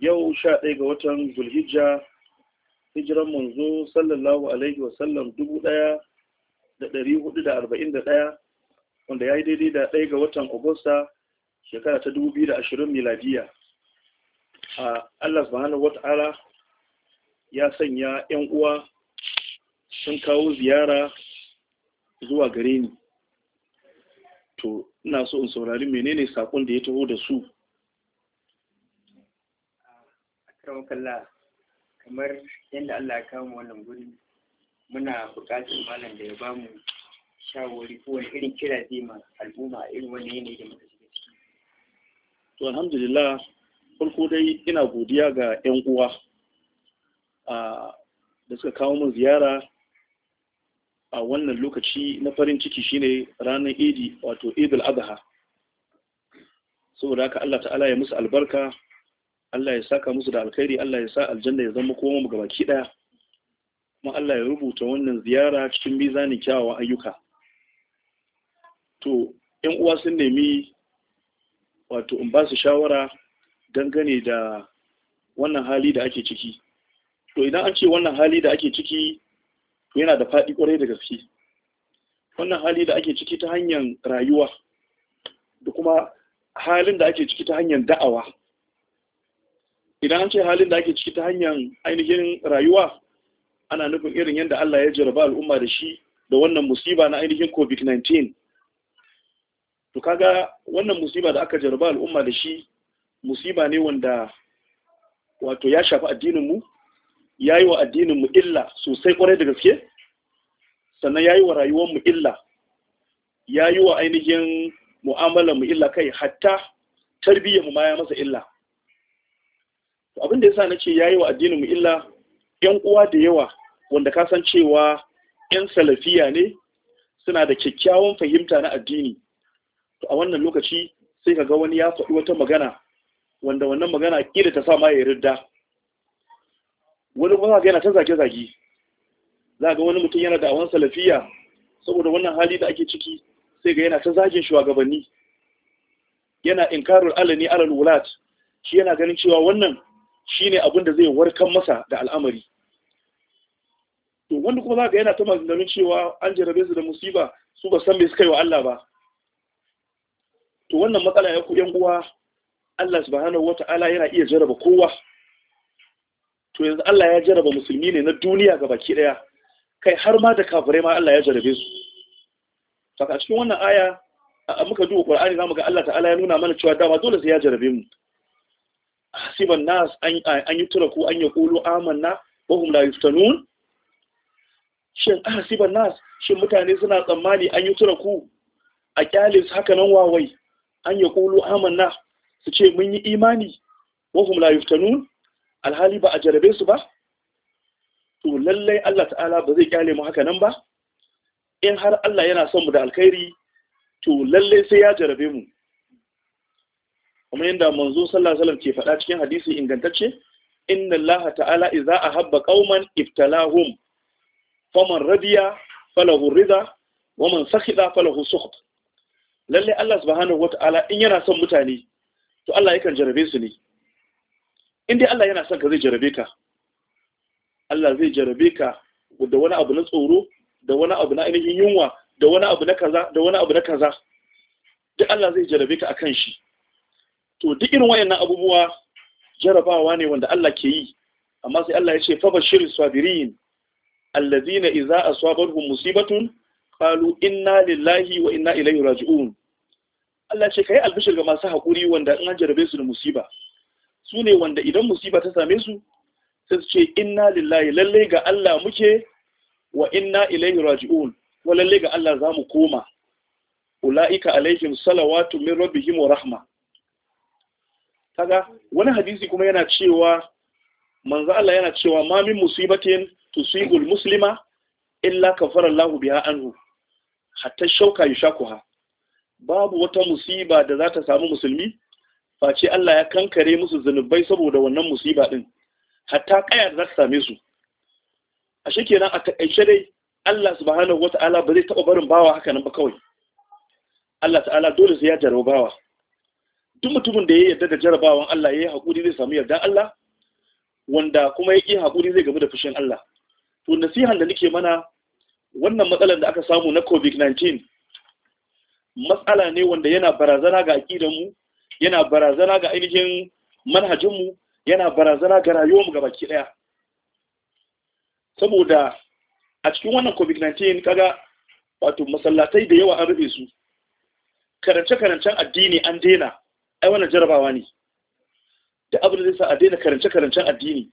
Yau sha ɗaya ga watan Zulhijja, hijiran manzo sallallahu Alaihi wasallam dubu ɗaya da ɗari hudu da arba'in da ɗaya, wanda ya yi daidai da ɗaya ga watan Agusta shekara ta dubu biyu da ashirin miladiya. Allah subhanahu wa ta'ala ya sanya 'yan uwa sun kawo ziyara zuwa gare ni. To, ina so in saurari menene saƙon da ya taho da su. karon kalla kamar yadda Allah ya kama wannan guri muna buƙatar malam da ya bamu shawari ko wani irin kira zai ma al'umma irin wani yanayi da muka shiga ciki to alhamdulillah farko dai ina godiya ga 'yan uwa da suka kawo min ziyara a wannan lokaci na farin ciki shine ranar idi wato idul adha saboda haka Allah ta'ala ya musu albarka Allah ya saka musu da alkhairi Allah ya sa aljanna ya zama koma mu gabaki daya kuma Allah ya rubuta wannan ziyara cikin ni kyawawa ayyuka to ƴan uwa sun nemi wato in ba su shawara dangane da wannan hali da ake ciki to idan an ce wannan hali da ake ciki to yana da faɗi ƙwarai da gaske wannan hali da ake ciki ta hanyar rayuwa da kuma halin da ake ciki ta hanyar da'awa idan an ce halin da ake ciki ta hanyar ainihin rayuwa ana nufin irin yadda Allah ya jaraba al'umma da shi da wannan musiba na ainihin covid-19 to kaga wannan musiba da aka jarraba al'umma da shi musiba ne wanda wato ya shafi addininmu ya yi wa mu illa sosai kwarai da gaske sannan ya yi wa rayuwar mu illa ya yi wa ainihin mu illa kai hatta tarbiyyar mu ma ya masa illa abin da ya sa na ce ya yayi wa addinin mu illa yan uwa da yawa wanda ka san cewa yan salafiya ne suna da kyakkyawan fahimta na addini to a wannan lokaci sai kaga wani ya faɗi wata magana wanda wannan magana kila ta sa ma ya ridda wani kuma yana ta zage zage za ga wani mutum yana da awan salafiya saboda wannan hali da ake ciki sai ga yana ta zagin shugabanni yana inkarul alani alal wulat shi yana ganin cewa wannan shine abin da zai warkar masa da al'amari to wanda kuma za ga yana ta maganganun cewa an jarabe su da musiba su ba san me suka yi wa Allah ba to wannan matsala ya ku yan uwa Allah subhanahu wata'ala yana iya jaraba kowa to yanzu Allah ya jaraba musulmi ne na duniya ga baki daya kai har ma da kafirai ma Allah ya jarabe su saka cikin wannan aya a muka duba Qur'ani zamu ga Allah ta'ala ya nuna mana cewa dama dole sai ya jarabe mu hasiban nas an yi ko an yi kulu amanna wa hum la yuftanun shin hasiban nas shin mutane suna tsammani an yi tura ku? a kyalis haka nan wawai an yi kulu amanna su ce mun yi imani wa hum la yuftanun alhali ba a jarabe su ba to lallai Allah ta'ala ba zai kyale mu haka nan ba in har Allah yana son mu da alkhairi to lallai sai ya jarabe mu kuma yadda manzo sallallahu alaihi ke faɗa cikin hadisi ingantacce inna allaha ta'ala idza ahabba qauman ibtalahum faman radiya falahu rida wa man sakhida falahu sukht lalle Allah subhanahu wata'ala in yana son mutane to Allah yakan jarabe su ne in dai Allah yana son ka zai jarabe ka Allah zai jarabe ka da wani abu na tsoro da wani abu na ainihin yunwa da wani abu na kaza da wani abu na kaza duk Allah zai jarabe ka akan shi to duk irin wayannan abubuwa jarabawa ne wanda Allah ke yi amma sai Allah ya ce fa bashirin sabirin allazina idza asabatuhum musibatun qalu inna lillahi wa inna ilaihi raji'un Allah ce kai albishir ga masu haƙuri wanda in an jarabe su da musiba su ne wanda idan musiba ta same su sai su ce inna lillahi lalle ga Allah muke wa inna ilaihi raji'un wa lalle ga Allah zamu koma ulaika alaihim salawatu min rabbihim wa rahma kaga wani hadisi kuma yana cewa manzo Allah yana cewa ma min musibatin tusibul muslima illa kafara Allah biha anhu hatta shauka yashakuha babu wata musiba da zata samu musulmi face Allah ya kankare musu zunubai saboda wannan musiba din hatta kayar da za same su a shekenan a takaice dai Allah subhanahu wata'ala ba zai taɓa barin bawa haka nan ba kawai Allah ta'ala dole sai ya jarrabawa duk mutumin da ya yarda da jarabawan Allah ya yi haƙuri zai samu yardan Allah wanda kuma ya ƙi haƙuri zai gamu da fushin Allah to nasihan da nake mana wannan matsalar da aka samu na covid-19 matsala ne wanda yana barazana ga aƙidanmu yana barazana ga ainihin manhajinmu yana barazana ga rayuwarmu ga baki ɗaya saboda a cikin wannan covid-19 kaga wato masallatai da yawa an rufe su karance-karancen addini an daina ai wannan jarabawa ne da abin da zai sa a daina karance-karancen addini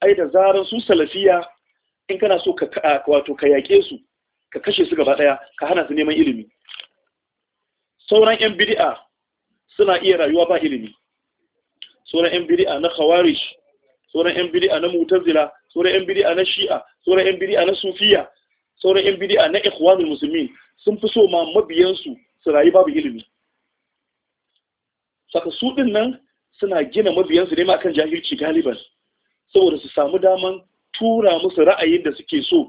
ai da zarar su salafiya in kana so ka wato ka yaƙe su ka kashe su gaba ɗaya ka hana su neman ilimi sauran yan bid'a suna iya rayuwa ba ilimi sauran yan bid'a na khawarij sauran yan bid'a na mu'tazila sauran yan bid'a na shi'a sauran yan bid'a na sufiya sauran yan bid'a na ikhwanul muslimin sun fi so ma mabiyansu su rayu babu ilimi saka su din nan suna gina mabiyansu ne ma kan jahilci galiban saboda su samu daman tura musu ra'ayin da suke so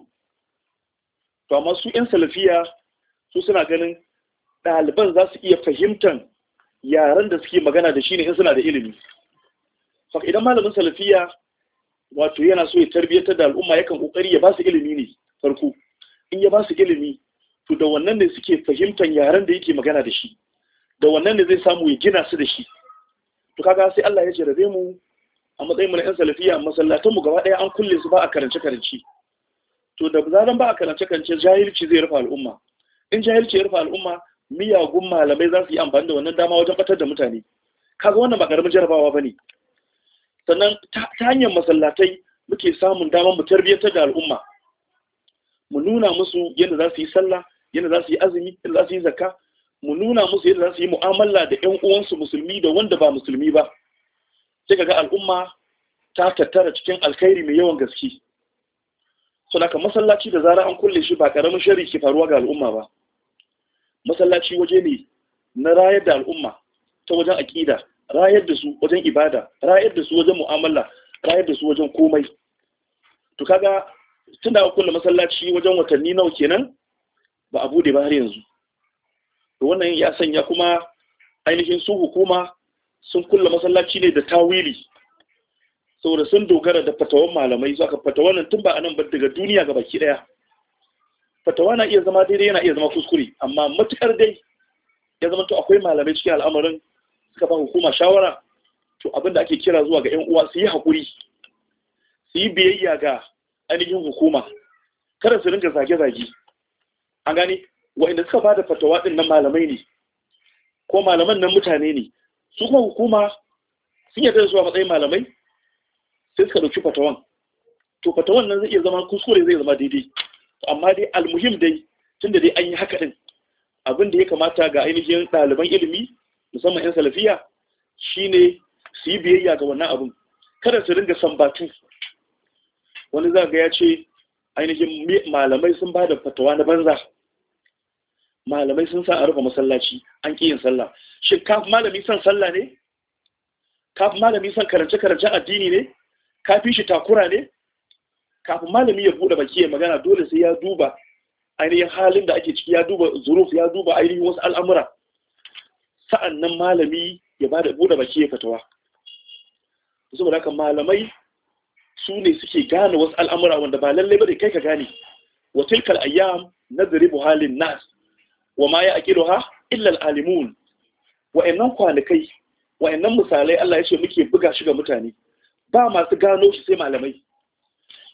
to amma su yan salafiya su suna ganin ɗaliban za su iya fahimtar yaren da suke magana da shi ne in suna da ilimi saka idan malamin salafiya wato yana so ya tarbiyyatar da al'umma yakan kokari ya ba su ilimi ne farko in ya ba su ilimi to da wannan ne suke fahimtar yaren da yake magana da shi da wannan ne zai samu ya gina su da shi to kaga sai Allah ya jarabe mu a matsayin mu na yan salafiya masallatan mu gaba ɗaya an kulle su ba a karance karance to da zaran ba a karance karance jahilci zai rufe al'umma in jahilci ya rufe al'umma miyagun malamai za su yi amfani da wannan dama wajen batar da mutane kaga wannan ba karamin jarabawa ba ne. sannan ta hanyar masallatai muke samun damar mu tarbiyyantar da al'umma mu nuna musu yadda za su yi sallah yadda za su yi azumi yadda za su yi zakka mu nuna musu yadda za su yi mu'amala da 'yan uwansu musulmi da wanda ba musulmi ba sai ga al'umma ta tattara cikin alkhairi mai yawan gaske so daga masallaci da zara an kulle shi ba karamin shari ke faruwa ga al'umma ba masallaci waje ne na rayar da al'umma ta wajen aƙida rayar da su wajen ibada rayar da su wajen mu'amala rayar da su wajen komai to kaga tunda aka kulle masallaci wajen watanni nawa kenan ba a bude ba har yanzu to wannan ya sanya kuma ainihin su hukuma sun kulla masallaci ne da tawili saboda sun dogara da fatawan malamai zuwa fatawan nan tun ba anan ba daga duniya ga baki daya fatawa na iya zama daidai yana iya zama kuskure amma matukar dai ya zama to akwai malamai cikin al'amarin suka ba hukuma shawara to abinda ake kira zuwa ga yan uwa su yi hakuri su yi biyayya ga ainihin hukuma kada su rinka zage-zage an gane wa'inda suka ba da fatawa ɗin nan malamai ne ko malaman nan mutane ne su kuma hukuma sun yarda da su a matsayin malamai sai suka ɗauki fatawan to fatawan nan zai iya zama kuskure zai zama daidai amma dai almuhim dai tun da dai an yi haka ɗin abin da ya kamata ga ainihin ɗaliban ilimi musamman 'yan salafiya shine su yi biyayya ga wannan abin kada su ringa sambatu wani za ya ce ainihin malamai sun ba da fatawa na banza malamai sun sa a rufe masallaci an ƙi yin sallah shin ka malami san sallah ne ka malami son karance karance addini ne ka fi shi takura ne kafin malami ya bude baki ya magana dole sai ya duba ainihin halin da ake ciki ya duba zuruf ya duba ainihin wasu al'amura sa'an nan malami ya ba da bude baki ya fatawa saboda haka malamai su ne suke gane wasu al'amura wanda ba lallai ba da kai ka gane wa tilkal ayyam nadribu halin nas wa ma ya aqiluha illa al-alimun wa'annan kwalikai wa'annan misalai Allah ya ce muke buga shi ga mutane ba masu gano shi sai malamai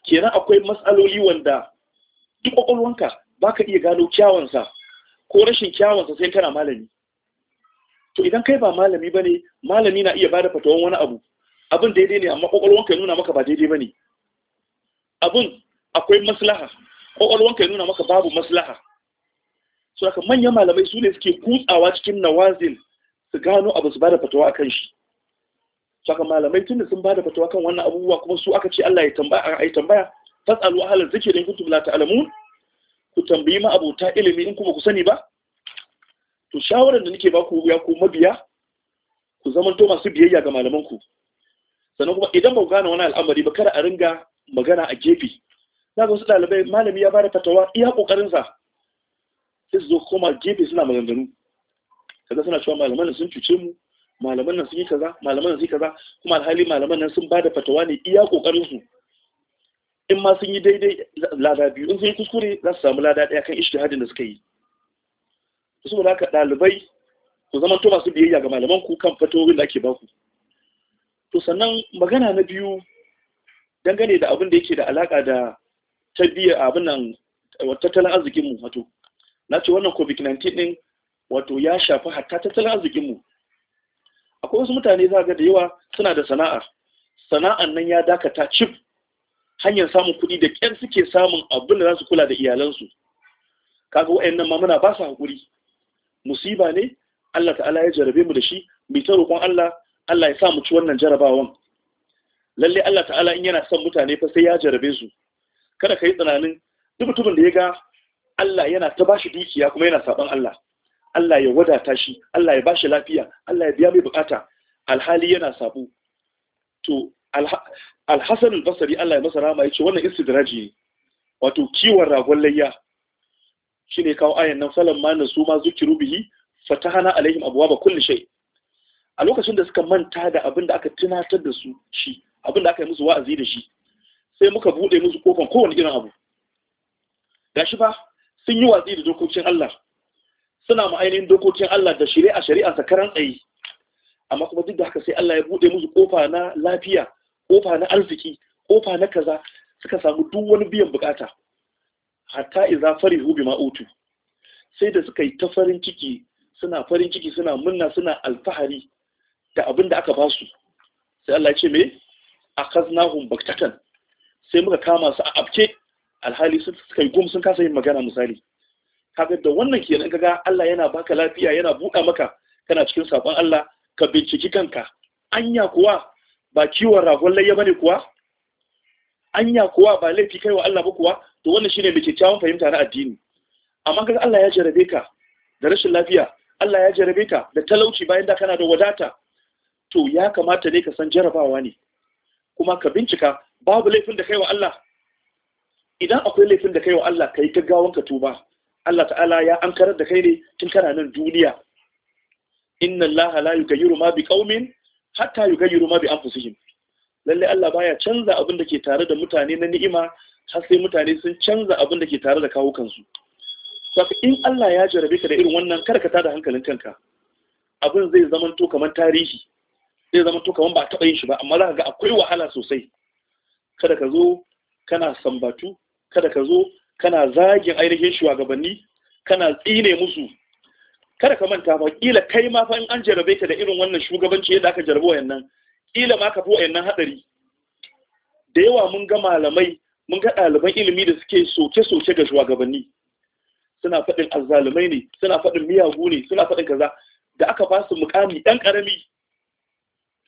kenan akwai masaloli wanda duk kokolwanka ba iya gano sa ko rashin sa sai kana malami to idan kai ba malami ba malami na iya bada da fatawan wani abu abin daidai ne amma kokolwanka nuna maka ba daidai ba ne akwai maslaha kokolwanka ya nuna maka babu maslaha su haka manyan malamai su ne suke kutsawa cikin nawazin su gano abu su da fatawa a kan shi su haka malamai tun da sun bada fatawa kan wannan abubuwa kuma su aka ce Allah ya tambaya a yi tambaya fasalu ahal kuntum la ta'lamun ku tambayi ma abota ilimi in kuma ku sani ba to shawaran da nake ba ku ya ku mabiya ku zama to masu biyayya ga malaman ku sannan kuma idan ba ku gane wani al'amari ba kada a ringa magana a gefe na ga wasu ɗalibai malami ya bada fatawa iya sa sai zo koma gefe suna maganganu kaza suna cewa malaman nan sun cuce mu malaman nan sun yi kaza malaman nan sun yi kaza kuma alhali malaman nan sun bada fatawa ne iya kokarin su in ma sun yi daidai lada biyu in sun yi kuskure za su samu lada daya kan ishtihadin da suka yi saboda ka dalibai ku zama to masu biyayya ga malaman ku kan fatawoyin da ake baku to sannan magana na biyu dangane da abin da yake da alaka da tabiya abin nan tattalin arzikin mu wato na ce wannan covid-19 din wato ya shafi hatta tattalin arzikinmu akwai wasu mutane za ga da yawa suna da sana'a sana'an nan ya dakata cif hanyar samun kuɗi da ƙyar suke samun abin da za su kula da iyalansu kaga wa'annan ma muna ba su haƙuri musiba ne Allah ta'ala ya jarabe mu da shi mai ta roƙon Allah Allah ya sa mu ci wannan jarabawan lalle Allah ta'ala in yana son mutane fa sai ya jarabe su kada ka yi tsananin duk mutumin da ya ga Allah yana ta bashi dukiya kuma yana saban Allah Allah ya wadata shi Allah ya ba shi lafiya Allah ya biya mai bukata alhali yana sabo to alhassan basari Allah ya masa rama yace wannan istidraji ne wato kiwon ragon layya Shi ne kawo ayan nan falan ma nasu ma zukiru bihi hana alaihim ba kulli shai. a lokacin da suka manta da abin da aka tunatar da su shi abin da aka yi musu wa'azi da shi sai muka buɗe musu kofan kowane irin abu gashi ba sun yi watsi da dokokin Allah suna ma dokokin Allah da shari'a shari'a sakaran tsaye amma kuma duk da haka sai Allah ya bude musu kofa na lafiya kofa na arziki kofa na kaza suka samu duk wani biyan bukata hatta idza farihu bima utu sai da suka yi ta farin ciki suna farin ciki suna munna suna alfahari da abin da aka basu sai Allah ya ce me akaznahum baktatan sai muka kama su a abce alhali sun suka yi gum sun kasa yin magana misali kaga da wannan kenan kaga Allah yana baka lafiya yana buɗa maka kana cikin sabon Allah ka binciki kanka anya kuwa ba kiwon ragon layya bane kuwa anya kuwa ba laifi kai wa Allah ba kuwa to wannan shine mai kyakkyawan fahimta na addini amma kaga Allah ya jarabe ka da rashin lafiya Allah ya jarabe ka da talauci bayan da kana da wadata to ya kamata ne ka san jarabawa ne kuma ka bincika babu laifin da kai wa Allah idan akwai laifin da kai wa Allah kai gaggawan ka tuba Allah ta'ala ya ankarar da kai ne tun kana nan duniya inna Allah la yughayyiru ma biqaumin hatta yughayyiru ma bi anfusihim lalle Allah baya canza abin da ke tare da mutane na ni'ima har sai mutane sun canza abin da ke tare da kawo kansu saka in Allah ya jarabe ka da irin wannan karka ta da hankalin kanka abin zai zama to kamar tarihi zai zama to kamar ba taɓa yin shi ba amma za ka ga akwai wahala sosai kada ka zo kana sambatu kada ka zo kana zagin ainihin shugabanni kana tsine musu kada ka manta ba kila kai ma fa in an jarabe ka da irin wannan shugabanci yadda aka jarabe wayannan kila ma ka fi wayannan hadari da yawa mun ga malamai mun ga ɗaliban ilimi da suke soke-soke ga shugabanni suna faɗin azzalumai ne suna faɗin miyagu ne suna faɗin kaza da aka ba su mukami ɗan ƙarami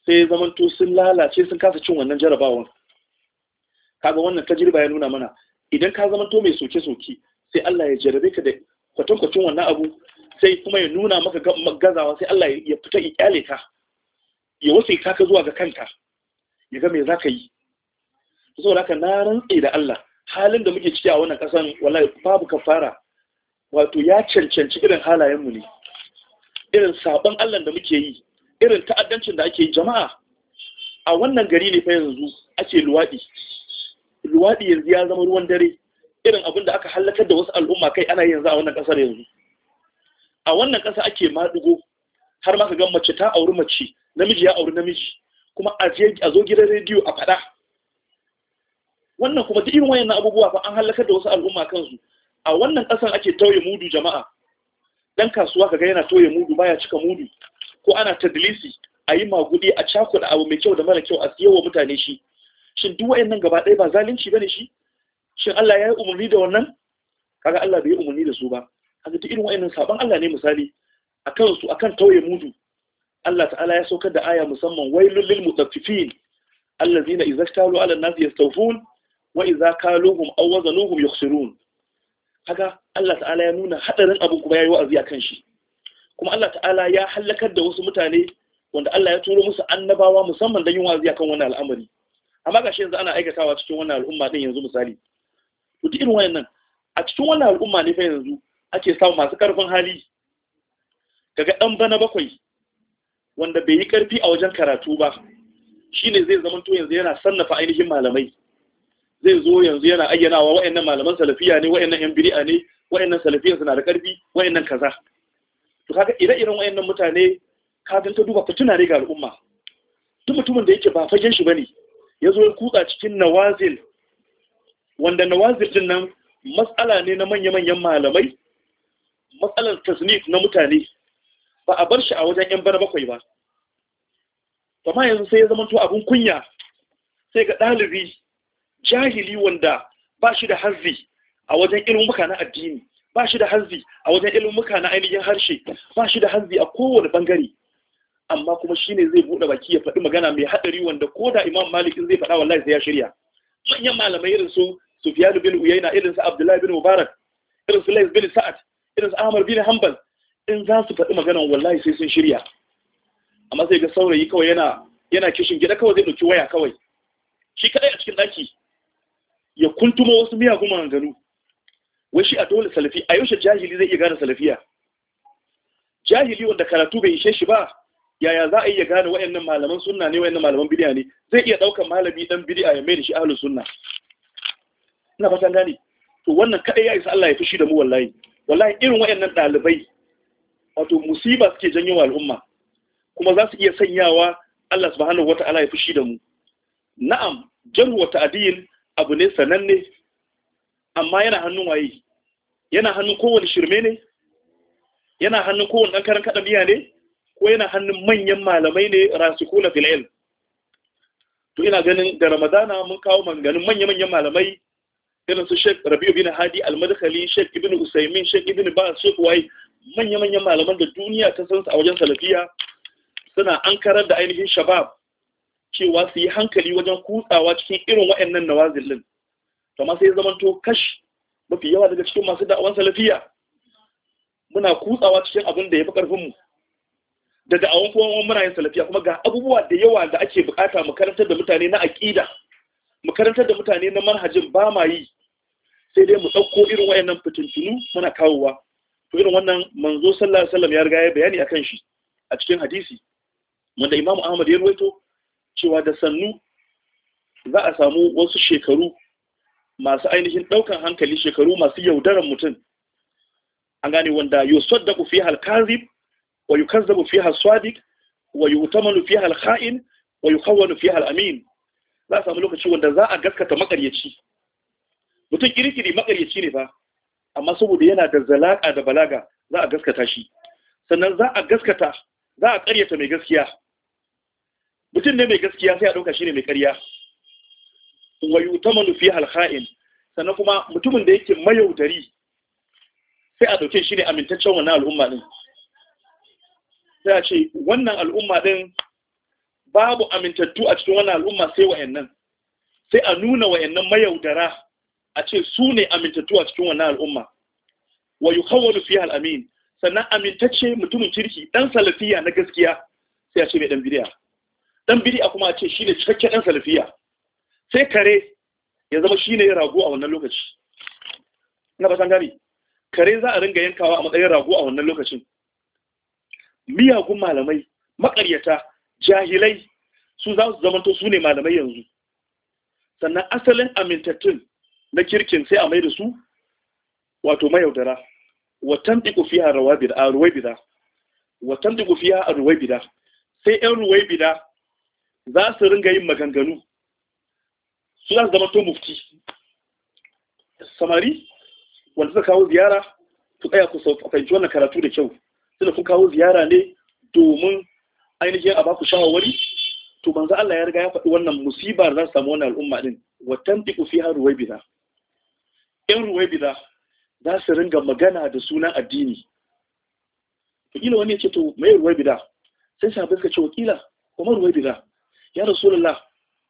sai ya zamanto sun lalace sun kasa cin wannan jarabawan kaga wannan tajriba ya nuna mana idan ka zama to mai soke-soke sai Allah ya jarabe ka da kwatankwacin wannan abu sai kuma ya nuna maka gazawa sai Allah ya fita ya kyale ka ya wasu ka ka zuwa ga kanka ya ga me za ka yi saboda haka na rantse da Allah halin da muke ciki a wannan kasan wallahi babu kafara wato ya cancanci irin halayenmu ne irin sabon Allah da muke yi irin ta'addancin da ake yi jama'a a wannan gari ne fa yanzu ake luwaɗi luwaɗi yanzu ya zama ruwan dare irin abin da aka halakar da wasu al'umma kai ana yanzu a wannan ƙasar yanzu a wannan ƙasa ake maɗigo har ma ka ga mace ta auri mace namiji ya auri namiji kuma a zo gidan rediyo a faɗa wannan kuma duk irin wayannan abubuwa fa an halakar da wasu al'umma kansu a wannan ƙasan ake tauye mudu jama'a dan kasuwa kaga yana tauye mudu baya cika mudu ko ana tadlisi a yi maguɗi a cakuɗa abu mai kyau da mara kyau a siyo wa mutane shi shin duk wayannan gaba ɗaya ba zalunci bane shi shin Allah ya yi umarni da wannan kaga Allah bai yi umarni da su ba kaga duk irin wayannan saban Allah ne misali akan su akan tauye mudu Allah ta'ala ya saukar da aya musamman wailul lil mutaffifin allazina idza ishtalu ala an-nasi yastawfun wa idza kaluhum aw wazanuhum yukhsirun kaga Allah ta'ala ya nuna hadarin abu kuma yayi wa'azi akan shi kuma Allah ta'ala ya halakar da wasu mutane wanda Allah ya turo musu annabawa musamman don yin wa'azi akan wannan al'amari amma ga shi yanzu ana aikatawa cikin wannan al'umma din yanzu misali to duk irin wayannan a cikin wannan al'umma ne fa yanzu ake samu masu karfin hali kaga dan bana bakwai wanda bai yi karfi a wajen karatu ba shine zai zama to yanzu yana sannafa ainihin malamai zai zo yanzu yana ayyanawa wayannan malaman salafiya ne wayannan yan bid'a ne wayannan salafiyan suna da karfi wayannan kaza to kaga ire-iren wayannan mutane ka ta duba fituna ne ga al'umma duk mutumin da yake ba fagen shi bane ya zo kutsa cikin nawazil wanda nawazil din nan matsala ne na manya-manyan malamai matsalar tasnif na mutane ba a bar shi a wajen 'yan bana bakwai ba ma yanzu sai ya zama to abin kunya sai ga ɗalibi jahili wanda ba shi da harzi a wajen ilmuka na addini ba shi da harzi a wajen ilmuka na ainihin harshe ba shi da harzi a kowane bangare amma kuma shi ne zai buɗe baki ya faɗi magana mai hadari wanda ko da imam malik zai faɗa wallahi sai ya shirya manyan malamai irin su sufyan bin uyayna irin su abdullahi bin mubarak irin su lais bin sa'ad irin su ahmad bin hanbal in za su faɗi magana wallahi sai sun shirya amma sai ga saurayi kawai yana yana kishin gida kawai zai dauki waya kawai shi kaɗai a cikin daki ya kuntuma wasu miyagun maganganu wai shi a dole salafi a yaushe jahili zai iya gane salafiya jahili wanda karatu bai ishe shi ba yaya za a iya gane wayannan malaman sunna ne wayannan malaman bid'a ne zai iya daukan malami dan bid'a ya mai da shi ahlus sunna ina fatan gane to wannan kadai ya isa Allah ya fushi da mu wallahi wallahi irin wayannan dalibai wato musiba suke janyo wa al'umma kuma za su iya sanyawa Allah subhanahu wata'ala ya fushi da mu na'am jarhu wa ta'dil abu ne sananne amma yana hannun waye yana hannun kowane shirme ne yana hannun kowane ɗan karan kaɗa miya ne ko yana hannun manyan malamai ne rasikuna na ilm to ina ganin da ramadana mun kawo manganin manya-manyan malamai irin su Sheikh Rabi'u bin Hadi Al-Madkhali Ibn Usaymin Sheikh Ibn ba Sheikh Wai manya-manyan malaman da duniya ta san su a wajen salafiya suna ankarar da ainihin shabab cewa su yi hankali wajen kutsawa cikin irin wa'annan nawazil din to ma sai ya to kash mafi yawa daga cikin masu da'awan salafiya muna kutsawa cikin abin da ya fi karfin mu da da'awun kuma muna yin salafiya kuma ga abubuwa da yawa da ake bukata mu karanta da mutane na aƙida mu karanta da mutane na manhajin ba ma yi sai dai mu ɗauko irin wayannan fitintunu muna kawowa to irin wannan manzo sallallahu alaihi wasallam ya riga ya bayani akan shi a cikin hadisi wanda Imam Ahmad ya ruwaito cewa da sannu za a samu wasu shekaru masu ainihin ɗaukan hankali shekaru masu yaudaran mutum an gane wanda yusaddaqu fiha al-kadhib wa yukazzabu fiha as-sadiq wa yu'tamanu fiha al-kha'in wa yukawwanu fiha amin za a samu lokaci wanda za a gaskata makaryaci mutum kirkiri makaryaci ne fa amma saboda yana da zalaka da balaga za a gaskata shi sannan za a gaskata za a karyata mai gaskiya mutum ne mai gaskiya sai a dauka shi ne mai karya wa yu'tamanu fiha al sannan kuma mutumin da yake mayaudari sai a dauke shi ne amintaccen wannan al'umma ne sai a ce wannan al'umma din babu amintattu a cikin wannan al'umma sai wa'annan sai a nuna wa'annan mayaudara a ce su ne amintattu a cikin wannan al'umma wa yukawwalu fiha al-amin sannan amintacce mutumin kirki dan salafiya na gaskiya sai a ce mai dan bid'a dan bid'a kuma a ce shine cikakken dan salafiya sai kare ya zama shine ya rago a wannan lokaci Na ba san gari kare za a ringa yankawa a matsayin rago a wannan lokacin miyagun malamai maƙaryata jahilai su za su zamanto su ne malamai yanzu sannan asalin amintattun na kirkin sai a mai da su wato mayaudara watan diku fiya a ruwaibida watan diku fiya a ruwaibida sai 'yan ruwaibida za su ringa yin maganganu su za su zama to mufti samari wanda suka kawo ziyara ku tsaya ku fahimci wannan karatu da kyau tunda kun kawo ziyara ne domin ainihin a baku shawarwari to manzo Allah ya riga ya faɗi wannan musiba da za su samu wannan al'umma din wa tantiqu fiha ruwaybida in ruwaybida za su ringa magana da sunan addini to kila wani yace to mai ruwaybida sai sahabbai suka ce wa kila? kuma ruwaybida ya rasulullah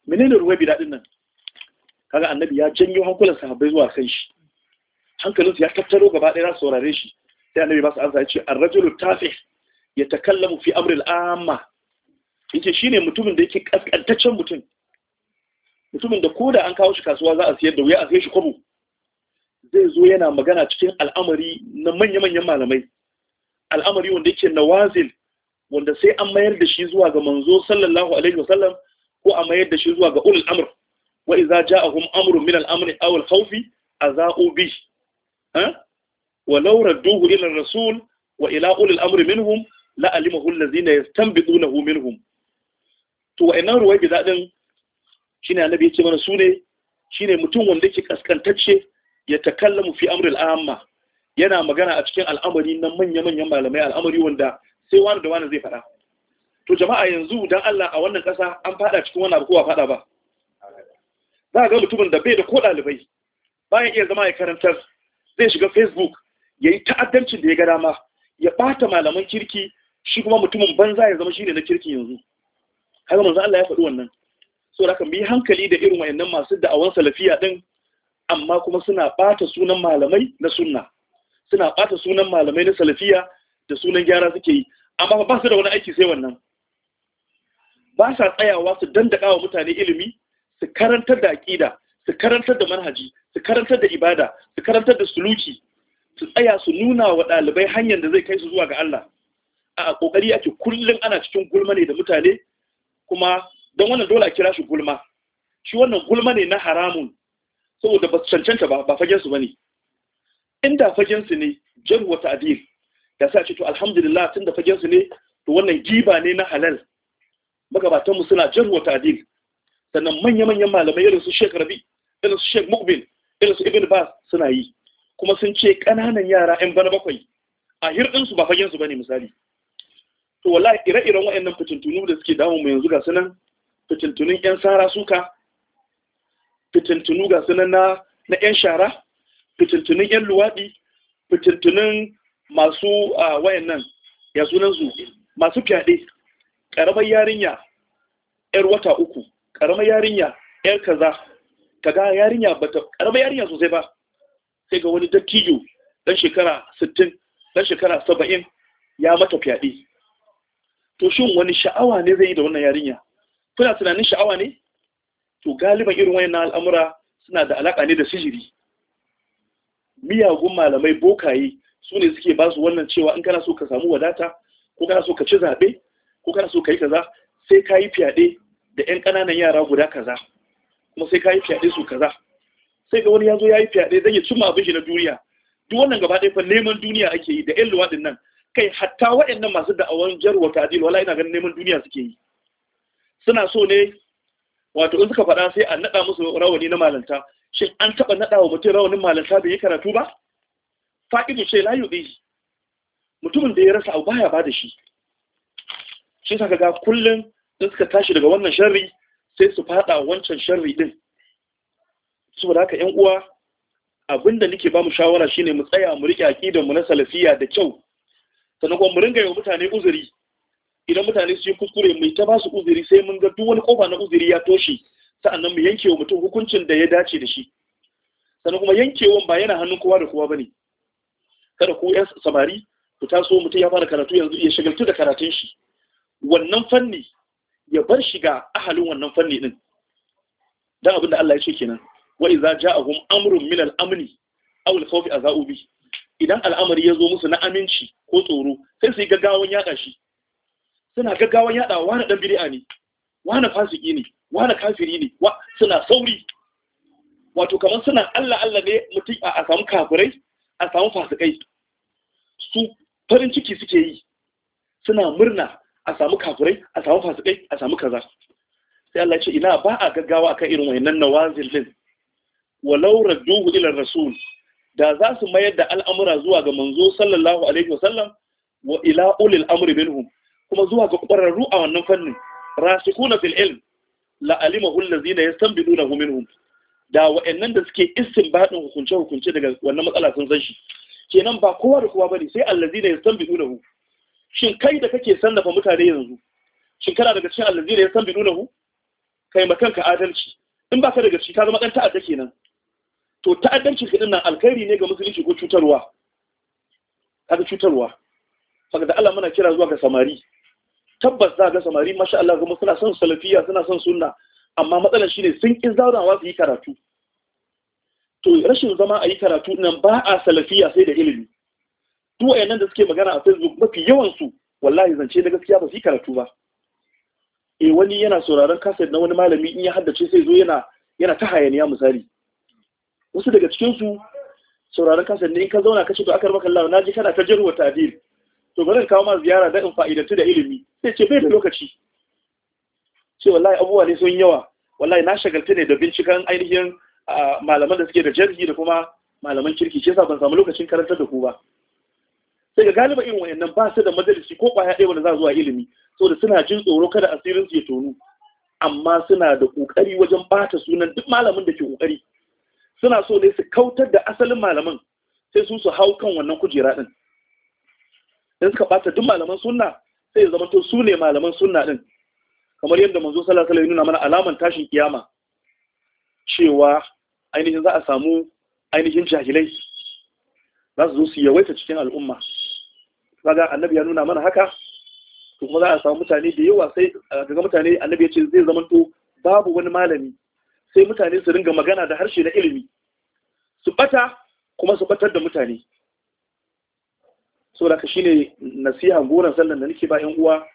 menene ruwaybida din nan kaga annabi ya janyo hankulan sahabbai zuwa kan shi hankalinsu ya tattaro gaba ɗaya za su saurare shi sai annabi ba su ansa yace ar-rajulu tafih yatakallamu fi amri al-amma yace shine mutumin da yake kaskantaccen mutum mutumin da ko da an kawo shi kasuwa za a siyar da wuya a sayar shi kwabo zai zo yana magana cikin al'amari na manya-manyan malamai al'amari wanda yake nawazil wanda sai an mayar da shi zuwa ga manzo sallallahu alaihi wa sallam, ko a mayar da shi zuwa ga ulul amr wa idza ja'ahum amrun min al-amri aw al-khawfi aza'u bi ha wa ردوه duhu الرسول rasul wa الأمر منهم لا minhum الذين يستنبطونه منهم تو minhum to wa'annan ruwai bida din shine annabi ya ce mana sune shine mutum wanda yake kaskantacce ya takallamu fi amril amma yana magana a cikin al'amari na manya-manyan malamai al'amari wanda sai wani da wani zai faɗa to jama'a yanzu dan Allah a wannan ƙasa an faɗa cikin wani abu kowa faɗa ba za ga mutumin da bai da ko ɗalibai bayan iya zama ya karantar zai shiga facebook ya yi ta'addancin da ya ga dama ya ɓata malaman kirki shi kuma mutumin banza ya zama shi ne na kirki yanzu haka manzo Allah ya faɗi wannan so da kan bi hankali da irin wayannan masu da'awan salafiya din amma kuma suna ɓata sunan malamai na sunna suna ɓata sunan malamai na salafiya da sunan gyara suke yi amma ba su da wani aiki sai wannan ba sa tsayawa su dandaka wa mutane ilimi su karantar da aƙida su karantar da manhaji su karantar da ibada su karantar da suluki su tsaya su nuna wa ɗalibai hanyar da zai kai su zuwa ga Allah a ƙoƙari ake kullum ana cikin gulma ne da mutane kuma don wannan dole a kira shi gulma shi wannan gulma ne na haramun saboda ba su cancanta ba ba fagen su ba ne inda fagensu ne jar wata adil da sa ce to alhamdulillah tun da fagensu ne to wannan giba ne na halal magabatanmu suna jar wata adil sannan manya-manyan malamai irin su shek rabi irin su shek mukbin irin su ibn bas suna yi kuma sun ce ƙananan yara 'yan bana bakwai a hirɗinsu ba fagensu ba ne misali to wallahi ire-iren waɗannan fitintunu da suke damu yanzu ga sunan fitintunun 'yan sara suka fitintunu ga sunan na na 'yan shara fitintunun 'yan luwaɗi fitintunun masu wayannan ya sunansu masu fyaɗe ƙaramar yarinya 'yar wata uku ƙaramar yarinya 'yar kaza ga yarinya ta ƙaramar yarinya sosai ba sai ga wani dattijo dan shekara 60 dan shekara 70 ya mata fyaɗe to shin wani sha'awa ne zai yi da wannan yarinya kuna tunanin sha'awa ne to galiban irin wayannan al'amura suna da alaka ne da sihiri miyagun malamai bokaye su ne suke ba su wannan cewa in kana so ka samu wadata ko kana so ka ci zaɓe ko kana so ka yi kaza sai ka yi fyaɗe da 'yan ƙananan yara guda kaza kuma sai ka yi fyaɗe su kaza sai ga wani ya zo ya yi fyaɗe zai ya cimma abin shi na duniya duk wannan gaba ɗaya fa neman duniya ake yi da 'yan luwaɗin nan kai hatta waɗannan masu da'awar jarwa ta'adil wala ina ganin neman duniya suke yi suna so ne wato in suka faɗa sai a naɗa musu rawani na malanta shin an taɓa naɗa wa mutum rawanin malanta bai yi karatu ba fa'idu ce layu ɗi mutumin da ya rasa abu baya ba da shi shi saka ga kullum in suka tashi daga wannan sharri sai su faɗa wancan sharri ɗin saboda haka ƴan uwa abinda nake ba mu shawara shine mu tsaya mu rike aqidar mu na salafiya da kyau sannan kuma mu ringa yau mutane uzuri idan mutane su yi kuskure mu ta basu uzuri sai mun ga duk wani kofa na uzuri ya toshe sa'annan mu yanke wa mutum hukuncin da ya dace da shi sannan kuma yankewan ba yana hannun kowa da kowa bane kada ku yan samari ku taso mutum ya fara karatu yanzu ya shagaltu da karatun shi wannan fanni ya bar shi ga ahalin wannan fanni din dan abin da Allah ya ce kenan wa idza ja'ahum amrun min al-amni aw al-khawfi azau bi idan al'amari ya zo musu na aminci ko tsoro sai su yi gaggawan yada shi suna gaggawan yada wani dan bid'a ne wani fasiki ne wani kafiri ne wa suna sauri wato kamar suna Allah Allah ne mutum a samu kafirai a samu fasikai su farin ciki suke yi suna murna a samu kafirai a samu fasikai a samu kaza sai Allah ce ina ba a gaggawa akan irin wayannan nawazil din walau radduhu ila rasul da za su mayar da al'amura zuwa ga manzo sallallahu alaihi wasallam wa ila ulil amri minhum kuma zuwa ga ƙwararru a wannan fannin rasikuna fil ilm la alimahu allazina yastanbidunahu minhum da wa'annan da suke istinbadin hukunce hukunce daga wannan matsala sun san shi kenan ba kowa da kowa bane sai allazina yastanbidunahu shin kai da kake sannafa mutane yanzu shin kana daga cikin allazina yastanbidunahu kai makanka adalci in ba ka daga ciki ka zama dan ta'adda kenan to ta'addanci kaɗin nan alkhairi ne ga musulunci ko cutarwa kaga cutarwa saka da Allah muna kira zuwa ga samari tabbas za ga samari masha Allah kuma suna son salafiya suna son sunna amma matsalar shine sun ƙi zaunawa su yi karatu to rashin zama a yi karatu nan ba a salafiya sai da ilimi duk wayannan da suke magana a Facebook mafi yawan su wallahi zance na gaskiya ba su yi karatu ba eh wani yana sauraron kaset na wani malami in ya haddace sai zo yana yana ta hayaniya misali wasu daga cikinsu sauraron kasar ne in ka zauna ka ce to akar makallawa na ji kana ta wa ta'dil to bari kawo ma ziyara da in fa'idantu da ilimi sai ce bai da lokaci ce wallahi abubuwa ne sun yawa wallahi na shagalta ne da binciken ainihin malaman da suke da jarhi da kuma malaman kirki ce sa ban samu lokacin karantar da ku ba sai ga galiba irin wayannan ba su da majalisi ko kwaya ɗaya wanda za zuwa ilimi saboda suna jin tsoro kada asirin su ya tonu amma suna da kokari wajen bata sunan duk malamin da ke kokari suna so ne su kautar da asalin malaman sai su su hau kan wannan kujera din in suka bata duk malaman sunna sai zama to su ne malaman sunna din kamar yadda manzo sallallahu alaihi ya nuna mana alaman tashin kiyama cewa ainihin za a samu ainihin jahilai za su zo su yawaita cikin al'umma kaga annabi ya nuna mana haka to kuma za a samu mutane da yawa sai daga mutane annabi ya ce zai zama to babu wani malami sai mutane su ringa magana da harshe na ilimi su bata kuma su batar da mutane saboda ka shine nasiha goron sallan da nake ba yan uwa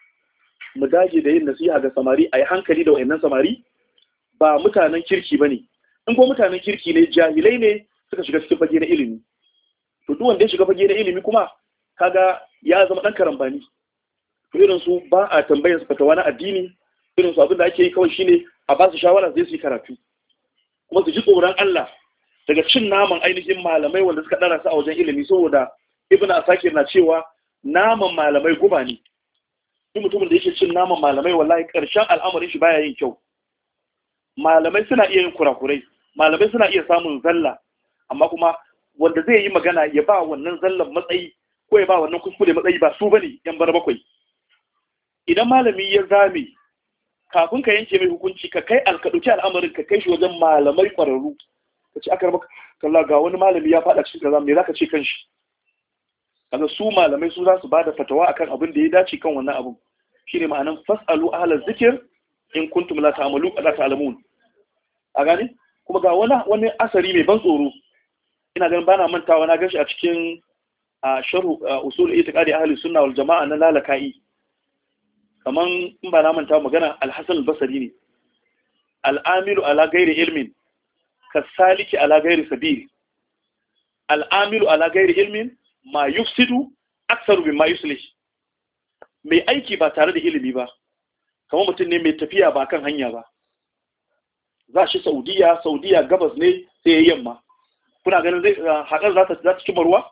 mu dage da yin nasiha ga samari a yi hankali da wayannan samari ba mutanen kirki ba ne in ko mutanen kirki ne jahilai ne suka shiga cikin fage na ilimi to duk wanda ya shiga fage na ilimi kuma kaga ya zama dan karambani irin su ba a tambayar su fatawa na addini irin su abin da ake yi kawai shine a ba su shawara zai su yi karatu kuma su ji tsoron Allah daga cin naman ainihin malamai wanda suka ɗara su a wajen ilimi saboda ibn sake na cewa naman malamai guba ne duk mutumin da yake cin naman malamai wallahi ƙarshen al'amarin shi baya yin kyau malamai suna iya yin kurakurai malamai suna iya samun zalla amma kuma wanda zai yi magana ya ba wannan zallan matsayi ko ya ba wannan kuskure matsayi ba su bane yan bar bakwai idan malami ya zame kafin ka yanke mai hukunci ka kai alkaɗuki al'amarin ka kai shi wajen malamai ƙwararru ka ce aka maka kalla ga wani malami ya faɗa cikin kaza me za ka ce kan shi kaga su malamai su za su ba da fatawa akan abin da ya dace kan wannan abin shine ma'anan fasalu ahla zikir in kuntum la ta'malu la ta'lamun a gani kuma ga wani wani asari mai ban tsoro ina ganin bana mantawa na gashi a cikin a sharh usul itiqadi ahli sunna wal jama'a na lalaka'i kaman in ba na manta magana alhassan albasari ne al'amilu ala gairi ilmin ka saliki ala gairi sabiri al'amilu ala gairi ilmin ma yufsidu aksaru bin ma yuslih mai aiki ba tare da ilimi ba kamar mutum ne mai tafiya ba kan hanya ba za shi saudiya saudiya gabas ne sai ya yamma kuna ganin zai haɗar za ta cikin ruwa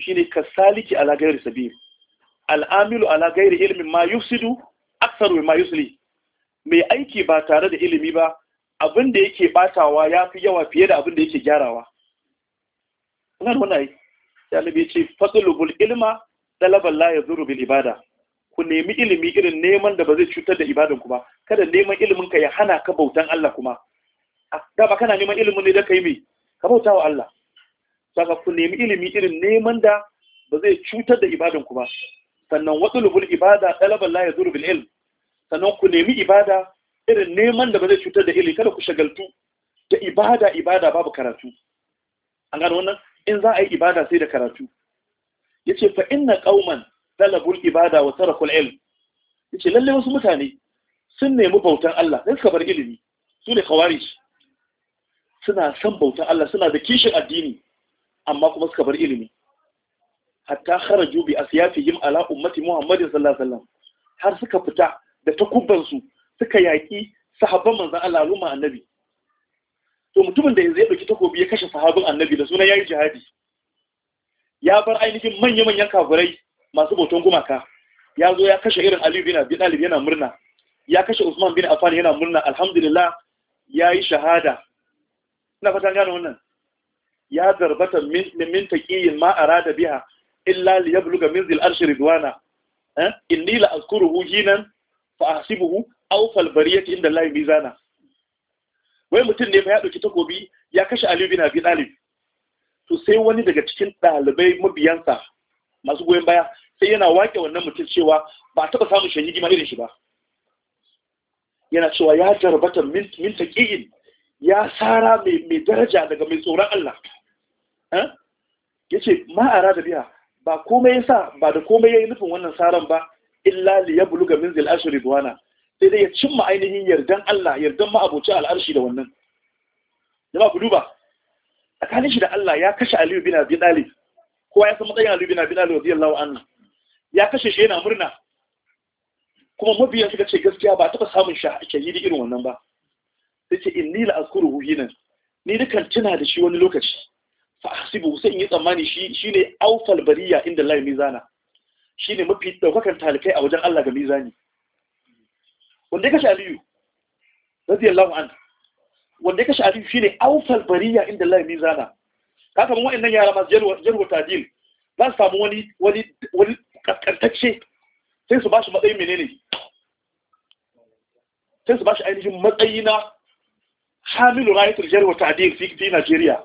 shi ne ka saliki ala gairi sabiri al'amilu ala gairi ilimin ma aksar aksaru ma yusli mai aiki ba tare da ilimi ba abin da yake batawa ya fi yawa fiye da abin da yake gyarawa ina da yi ya ce fasalubul ilima talaban layar zuru bil ibada ku nemi ilimi irin neman da ba zai cutar da ibadan ku ba kada neman ilimin ka ya hana ka bautan Allah kuma da ba kana neman ilimin ne da ka yi mai ka bauta wa Allah saka ku nemi ilimi irin neman da ba zai cutar da ibadan ku ba sannan wadulubul ibada talaban la yazuru bil ilm sannan ku nemi ibada irin neman da ba zai cutar da ilimi kada ku shagaltu da ibada ibada babu karatu an gano wannan in za a yi ibada sai da karatu yace fa inna qauman talabul ibada wa tarakul ilm yace lalle wasu mutane sun nemi bautan Allah sai suka bar ilimi su ne khawarij suna san bautan Allah suna da kishin addini amma kuma suka bar ilimi hatta kharaju bi asyafihim ala ummati muhammadin sallallahu alaihi wasallam har suka fita da takubban su suka yaki sahabban manzon Allah al'umma annabi to mutumin da yanzu ya dauki takobi ya kashe sahabin annabi da sunan yayi jihadi ya bar ainihin manya manyan kafirai masu boton gumaka ya zo ya kashe irin Ali bin Abi Talib yana murna ya kashe Usman bin Affan yana murna alhamdulillah yi shahada ina fatan gane wannan ya zarbata min min taqiyin ma arada biha illa li yabluga minzil arshi ridwana eh? inni la azkuruhu hinan fa ahsibuhu aw fal bariyati inda Allah mizana wai mutum ne fa ya dauki takobi ya kashe Ali bin Abi Talib to sai wani daga cikin dalibai mabiyansa masu goyon baya sai yana wake wannan mutum cewa ba taba samun shahidi ma irin shi ba yana cewa ya jarbata min min taqiyin ya sara mai daraja daga mai tsoron Allah eh yace ma arada biya ba komai yasa ba da komai yayi nufin wannan saran ba illa li yabluga minzil ashri buwana sai dai ya cimma ainihin yardan Allah yardan ma'abuci al'arshi da wannan jama ku duba tsakanin shi da Allah ya kashe Aliyu bin Abi Talib kowa ya san matsayin Aliyu bin Abi Talib radiyallahu anhu ya kashe shi yana murna kuma mabiyan suka ce gaskiya ba taɓa samun da irin wannan ba sai ce inni la azkuruhu hinan ni dukan tuna da shi wani lokaci fa ahsibu sai in yi tsammani shi ne aufal bariya inda Allah mizana ne mafi daukakan talikai a wajen Allah ga mizani wanda ya kashe Aliyu radiyallahu anhu wanda ya kashe Aliyu Shi ne aufal bariya inda Allah mizana ka wa'in nan yara masu jarwa tadil za su samu wani wani kaskantacce sai su ba shi matsayin menene sai su ba shi ainihin matsayi na hamilu rayatul jarwa tadil fi Najeriya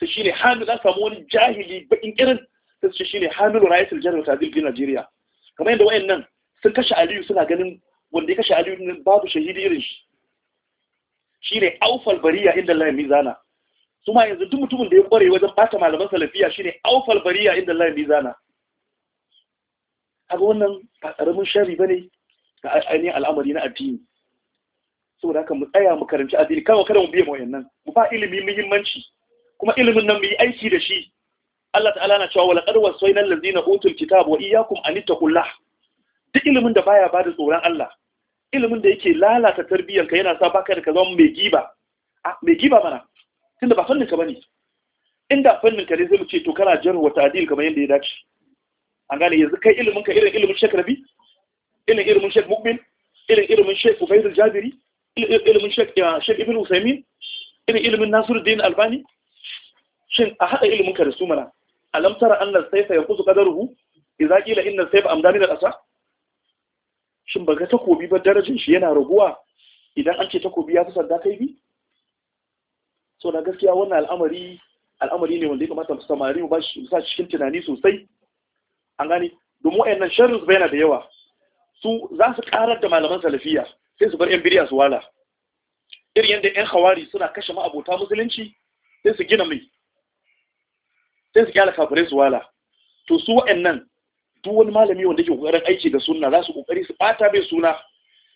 su shine hamilu an samu wani jahili bakin irin sai su shine hamilu rayatul jihar ta biyu Najeriya kamar yadda wayannan sun kashe Aliyu suna ganin wanda ya kashe Aliyu babu shahidi irin shi Shi ne aufal bariya inda Allah ya mizana su ma yanzu duk mutumin da ya kware wajen bata malaman salafiya shi ne aufal bariya inda Allah ya mizana kaga wannan ba karamin shari ne ga ainihin al'amari na addini saboda haka mu tsaya mu karanci addini kawai kada mu biye mu wayannan mu ba ilimin muhimmanci kuma ilimin nan mu yi aiki da shi Allah ta'ala na cewa wala qarwa sayyidal ladzina utul kitab wa iyyakum an taqullah duk ilimin da baya bada tsoron Allah ilimin da yake lalata tarbiyyanka yana sa baka da ka zama mai giba A ah, mai giba mana tunda ba fannin ka bane inda fannin ka ne zai mu ce to kana jarhu wa ta'dil kamar yanda ya dace an gane yanzu kai ilimin ka irin ilimin Sheikh Rabi irin ilimin Sheikh Mukmin irin ilimin Sheikh Ubayd al-Jabiri ilimin Sheikh Sheikh Ibn Usaymin irin ilimin Nasiruddin Albani shin a haɗa ilimin ka da su mana alam tara annal sayfa kadar hu iza kila inna sayfa amdamin da asa shin baka takobi ba darajin shi yana raguwa idan an ce takobi ya fi sanda kai bi so na gaskiya wannan al'amari al'amari ne wanda ya kamata samari ba shi sa cikin tunani sosai an gani domin wayannan sharrin ba yana da yawa su za su karar da malaman salafiya sai su bar yan bidiya su wala irin yadda yan hawari suna kashe ma'abota musulunci sai su gina mai sai su kyala kafirai su wala to su wa'annan duk wani malami wanda ke kokarin aiki da sunna za su kokari su bata mai suna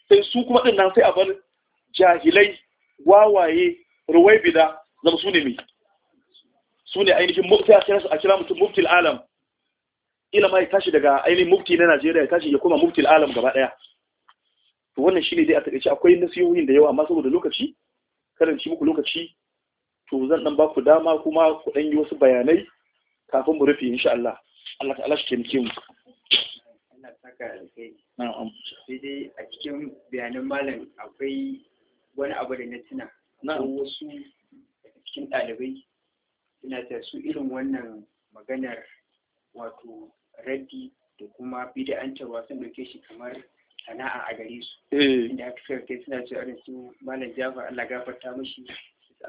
sai su kuma din nan sai a bar jahilai wawaye bida zama su ne mai su ne ainihin mufti a kira mutum muftil alam ila ma ya tashi daga ainihin mufti na Najeriya ya tashi ya koma muftil alam gaba daya to wannan shine dai a takaice akwai nasihohin da yawa amma saboda lokaci karanci muku lokaci to zan dan baku dama kuma ku dan yi wasu bayanai kafin mu rufe insha Allah Allah ta alashi mu Allah saka alkai na'am sai dai a cikin bayanan malam akwai wani abu da na tuna na'am wasu cikin ɗalibai suna ta su irin wannan maganar wato raddi da kuma bid'antarwa wasan dauke shi kamar sana'a a gare su eh. inda aka kai suna ce irin su malam Jafar Allah gafarta mishi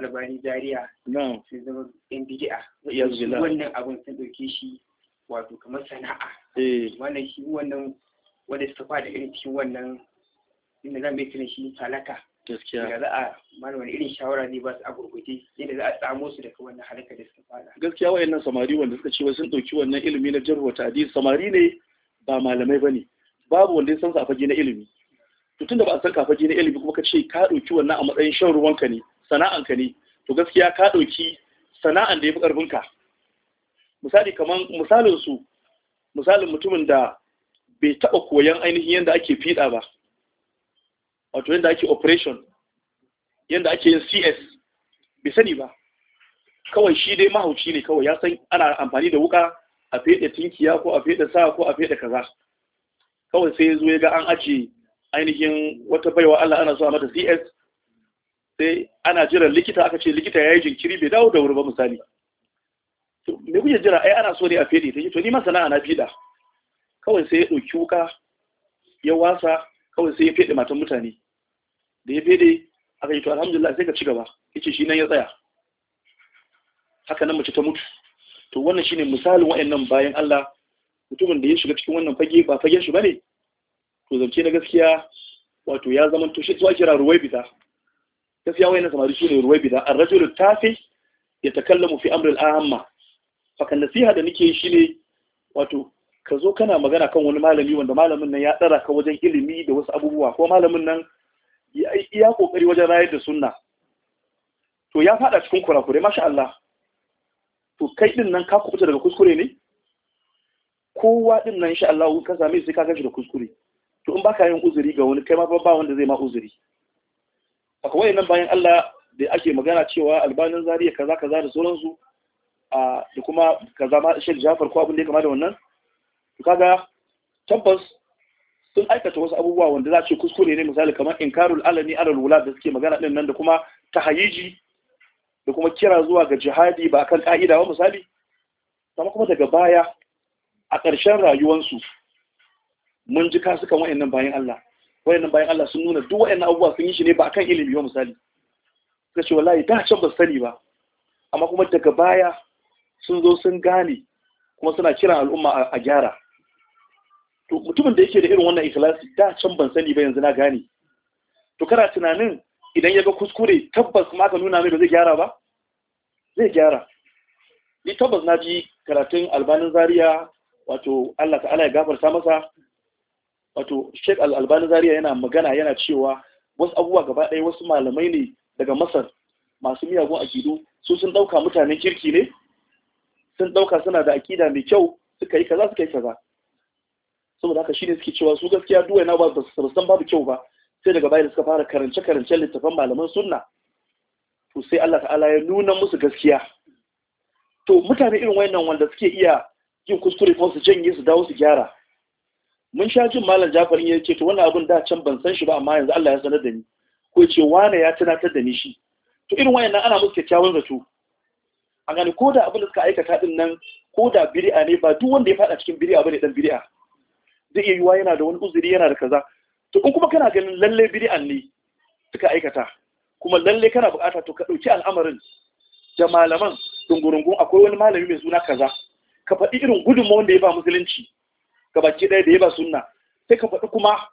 albani jariya sai zama yan bidi'a wannan abin sun ɗauke shi wato kamar sana'a eh. wannan shi wannan wanda suka fada irin cikin wannan inda zan bai tunan shi halaka gaskiya za a mana wani irin shawara ne ba su a gurguje inda za a tsamo su daga wannan halaka da suka fada gaskiya wayannan samari wanda suka ce wai sun ɗauki wannan ilimi na jarwa ta samari ne ba malamai ba ne babu wanda ya san sa a fage na ilimi to da ba a san kafa fage na ilimi kuma ka ce ka ɗauki wannan a matsayin shan ruwanka ne sana'anka ne to gaskiya ka ɗauki sana'an da ya fi ƙarfinka misali kamar misalin su misalin mutumin da bai taɓa koyan ainihin yadda ake fiɗa ba wato yadda ake operation yadda ake yin cs bai sani ba kawai shi dai mahauci ne kawai ya san ana amfani da wuka a feɗe tinkiya ko a feɗe sa ko a feɗe kaza kawai sai ya zo ya ga an ajiye ainihin wata baiwa Allah ana so mata cs sai ana jiran likita aka ce likita ya yi jinkiri bai dawo da wuri ba misali me kuke jira ai ana so ne a fede yi. to ni ma sana'a fida kawai sai ya ɗauki wuka ya wasa kawai sai ya fede matan mutane da ya fede aka yi to alhamdulillah sai ka ci gaba yace shi nan ya tsaya haka nan mace ta mutu to wannan shine misalin wa'annan bayan Allah mutumin da ya shiga cikin wannan fage ba fagen shi bane to zance na gaskiya wato ya zama to shi zuwa kira bita gaskiya wayannan samari shi ne ruwai bida ar-rajulu tafi ya takallamu fi amril ahamma fakan nasiha da nake shi ne wato ka zo kana magana kan wani malami wanda malamin nan ya dara ka wajen ilimi da wasu abubuwa ko malamin nan ya iya kokari wajen rayar da sunna to ya fada cikin kurakure masha Allah to kai din nan ka kuɓuta daga kuskure ne kowa din nan insha Allah ka same shi ka gashi da kuskure to in baka yin uzuri ga wani kai ma ba wanda zai ma uzuri haka wayannan bayan Allah da ake magana cewa albanin zariya kaza kaza da sauransu a da kuma kaza ma shek Jafar ko abin da ya kama da wannan kaga tabbas sun aikata wasu abubuwa wanda za a ce kuskure ne misali kamar in inkarul alani alal wula da suke magana din nan da kuma tahayyiji da kuma kira zuwa ga jihadi ba kan ka'ida ba misali sama kuma daga baya a ƙarshen rayuwansu mun ji kasukan wa'annan bayan Allah wayannan bayan Allah sun nuna duk wayannan abubuwa sun yi shi ne ba akan ilimi ba misali suka ce wallahi da can ba sani ba amma kuma daga baya sun zo sun gane kuma suna kiran al'umma a gyara to mutumin da yake da irin wannan ikhlasi da can ban sani ba yanzu na gane to kana tunanin idan ya ga kuskure tabbas ma ka nuna mai ba zai gyara ba zai gyara ni tabbas na ji karatun albanin zaria wato Allah ta'ala ya gafarta masa wato Sheikh Al-Albani Zaria yana magana yana cewa wasu abubuwa gaba ɗaya wasu malamai ne daga Masar masu miyagun akidu su sun ɗauka mutanen kirki ne sun ɗauka suna da akida mai kyau suka yi kaza suka yi kaza saboda haka shine suke cewa su gaskiya duwai na ba su san babu kyau ba sai daga baya da suka fara karance karance littafan malaman sunna to sai Allah ta'ala ya nuna musu gaskiya to mutane irin wayannan wanda suke iya yin kuskure ko su janye su dawo su gyara mun sha jin malam jafarin ya ce to wannan abin da can ban san shi ba amma yanzu Allah ya sanar da ni ko ce wane ya tunatar da ni shi to irin wayannan ana musu kyakkyawan zato A gani ko da abin da suka aikata din nan ko da biri'a ne ba duk wanda ya faɗa cikin biri'a bane dan biri'a zai iya yiwuwa yana da wani uzuri yana da kaza to in kuma kana ganin lalle biri'an ne suka aikata kuma lalle kana bukata to ka dauki al'amarin da malaman dungurungun akwai wani malami mai suna kaza ka faɗi irin gudunmawar da ya ba musulunci gabaki ɗaya da ya ba sunna sai ka faɗi kuma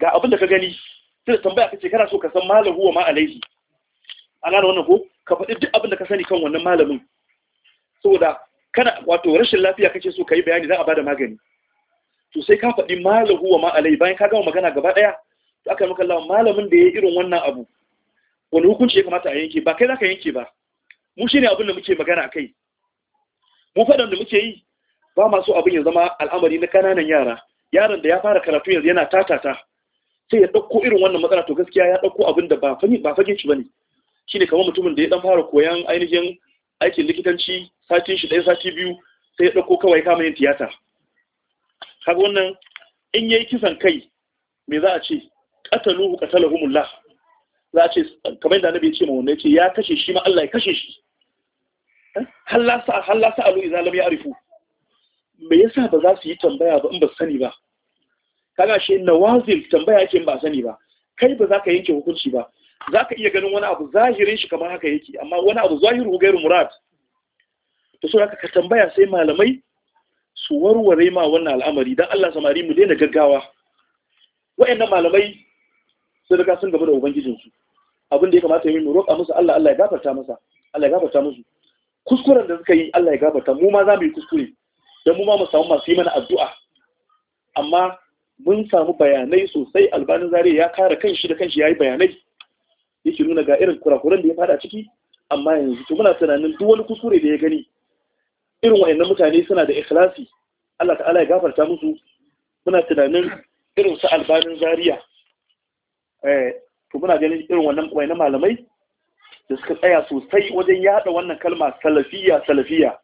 ga abin da ka gani sai da tambaya ce kana so ka san malahu wa ma alaihi an gane wannan ko ka faɗi duk abin da ka sani kan wannan malamin saboda kana wato rashin lafiya kake so ka yi bayani za a bada magani to sai ka faɗi malahu wa ma alaihi bayan ka gama magana gaba ɗaya to aka maka Allah malamin da ya yi irin wannan abu wani hukunci ya kamata a yanke ba kai za ka yanke ba mu shine abin da muke magana akai mu faɗan da muke yi ba masu abin ya zama al'amari na kananan yara yaron da ya fara karatu yanzu yana tatata sai ya ɗauko irin wannan matsala to gaskiya ya ɗauko abin da ba fagen shi ba ne shi ne kamar mutumin da ya ɗan fara koyan ainihin aikin likitanci satin shi ɗaya sati biyu sai ya ɗauko kawai kama yin tiyata kaga wannan in yayi kisan kai me za a ce qataluhu qatalahumullah za a ce kamar da annabi ya ce ma wanda ya ce ya kashe shi ma Allah ya kashe shi eh? hallasa hallasa alu idza ya arifu. me yasa ba za su yi tambaya ba in ba sani ba kaga shi nawazil tambaya yake in ba sani ba kai ba za ka yanke hukunci ba za ka iya ganin wani abu zahirin shi kamar haka yake amma wani abu zahiru gairu murad to so ka tambaya sai malamai su warware ma wannan al'amari dan Allah samari mu daina gaggawa wayannan malamai sun riga sun gaba da su abin da ya kamata yi mu roƙa musu Allah Allah ya gafarta masa Allah ya gafarta musu kuskuren da suka yi Allah ya gafarta mu ma za mu yi kuskure don mu ma mu samu masu yi mana addu'a amma mun samu bayanai sosai albanin zare ya kare shi da shi ya yi bayanai yake nuna ga irin kurakuran da ya fada ciki amma yanzu to muna tunanin duk wani kuskure da ya gani irin wayannan mutane suna da ikhlasi Allah ta'ala ya gafarta musu muna tunanin irin su albanin zariya eh to muna ganin irin wannan malamai da suka tsaya sosai wajen yada wannan kalma salafiya salafiya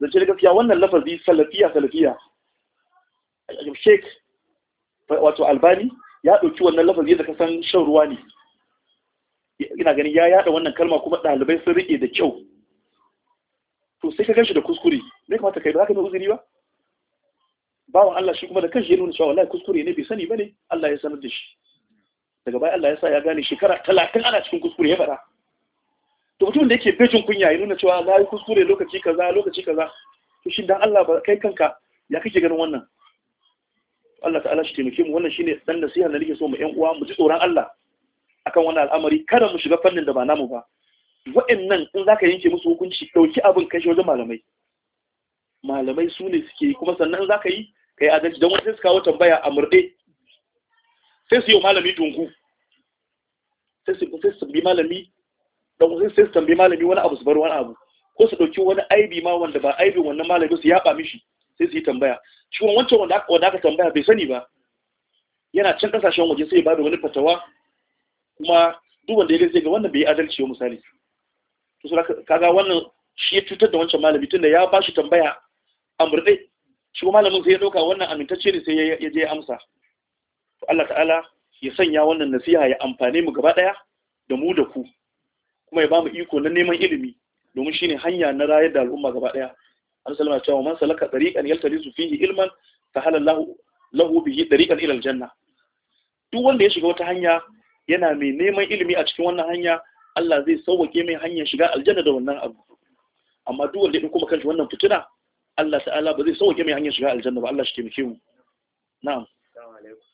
zance da gaskiya wannan lafazi salafiya salafiya sheik wato albani ya ɗauki wannan lafazi da kasan shan ruwa ne ina ganin ya yada wannan kalma kuma ɗalibai sun riƙe da kyau to sai ka ganshi da kuskure ne kamata kai ba za ka mai uzuri ba bawan Allah shi kuma da kanshi ya nuna cewa wallahi kuskure ne bai sani bane Allah ya sanar da shi daga baya Allah ya sa ya gane shekara talatin ana cikin kuskure ya faɗa to mutum da yake bejin kunya ya nuna cewa na yi kuskure lokaci kaza lokaci kaza to shin dan Allah ba kai kanka ya kake ganin wannan Allah ta'ala shi taimake mu wannan shine dan nasiha da nake so mu ƴan uwa mu ji tsoron Allah akan wannan al'amari kada mu shiga fannin da ba namu ba wa'annan in zaka yanke musu hukunci dauki abin kai shi wajen malamai malamai su ne suke kuma sannan zaka yi kai adalci dan wani sai su kawo tambaya a murde sai su yi malami dunku sai su bi malami dan sai su tambayi malami wani abu su bar wani abu ko su dauki wani aibi ma wanda ba aibin wannan malami su yaba mishi sai su yi tambaya shi wancan wanda wanda aka tambaya bai sani ba yana can kasashen waje sai ya bada wani fatawa kuma duk wanda yake zai ga wannan bai adalci ba misali to sai kaga wannan shi ya cutar da wancan malami tunda ya ba shi tambaya a murde shi kuma malamin sai ya dauka wannan amintacce ne sai ya je ya amsa to Allah ta'ala ya sanya wannan nasiha ya amfane mu gaba daya da mu da ku kuma ya ba mu iko na neman ilimi domin shine hanya na rayar da al'umma gaba daya an sallama cewa man salaka tariqan yaltalisu fihi ilman fahala lahu lahu bihi tariqan ila aljanna duk wanda ya shiga wata hanya yana mai neman ilimi a cikin wannan hanya Allah zai sauwake mai hanyar shiga aljanna da wannan abu amma duk wanda ya kuma kanshi wannan fitina Allah ta'ala ba zai sauke mai hanyar shiga aljanna ba Allah shi taimake mu na'am